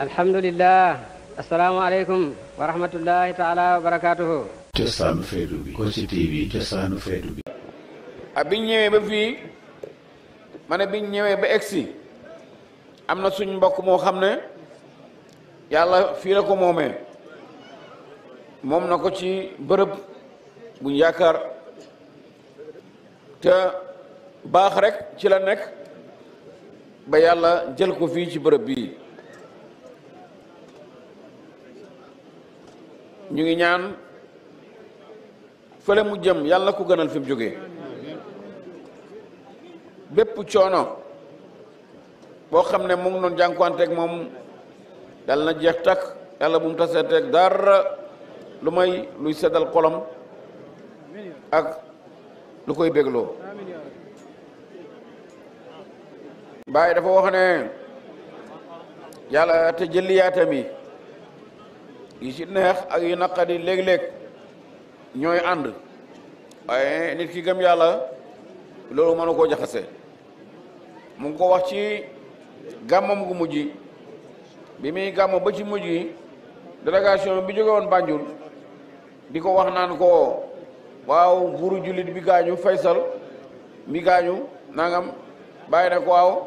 الحمد لله السلام عليكم ورحمة الله تعالى وبركاته جسان فيدو بي تي بي جسان فيدو بي بفي من أبين بأكسي أمنا سن باكو مو يا الله في لكو مومي مومنا كوشي برب بن يكر باخرك چلا نك بيالا جلقو فيش برب بي ñu ngi ñaan fële mu jëm yàlla na ko gënal fi mu jógee bépp coono boo xam ne mu ngi doon jànkuwanteeg moom dal na jeex takk yàlla bu mu taseeteeg dara lu may luy seddal kolom ak lu koy bégloo Baay dafa wax ne yàlla te jëliyaatami yi ci neex ak yi naqadi leg leg ñoy and ay nit ki gem yalla lolu mënu koo jaxase mu ngi ko wax ci gamam gu mujji bi mi gàmm ba ci mujji delegation bi joge won Banjul di wax nan ko waw buuru julit bi gañu faisal mi gañu nangam bayina ko waw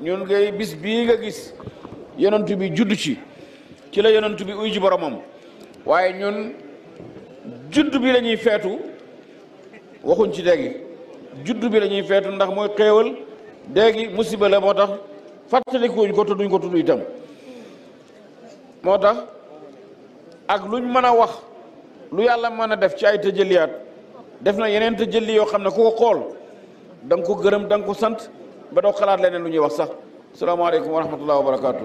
ñun ngay bis bi nga gis bi judd ci ci la yonent bi uy ji boromam waaye ñun judd bi lañuy feetu waxuñ ci léegi judd bi lañuy ñuy feetu ndax mooy xéewal léegi musiba la moo tax fàttalikuñ ko tudduñ ko tudd itam moo tax ak luñ mën a wax lu yàlla mën a def ci ay tëjëliyaat def na yeneen tëjëli yoo xam ne ku ko xool da nga ko gërëm da ko sant ba doo xalaat leneen lu ñuy wax sax salaamaaleykum wa rahmatullah wa barakaatu.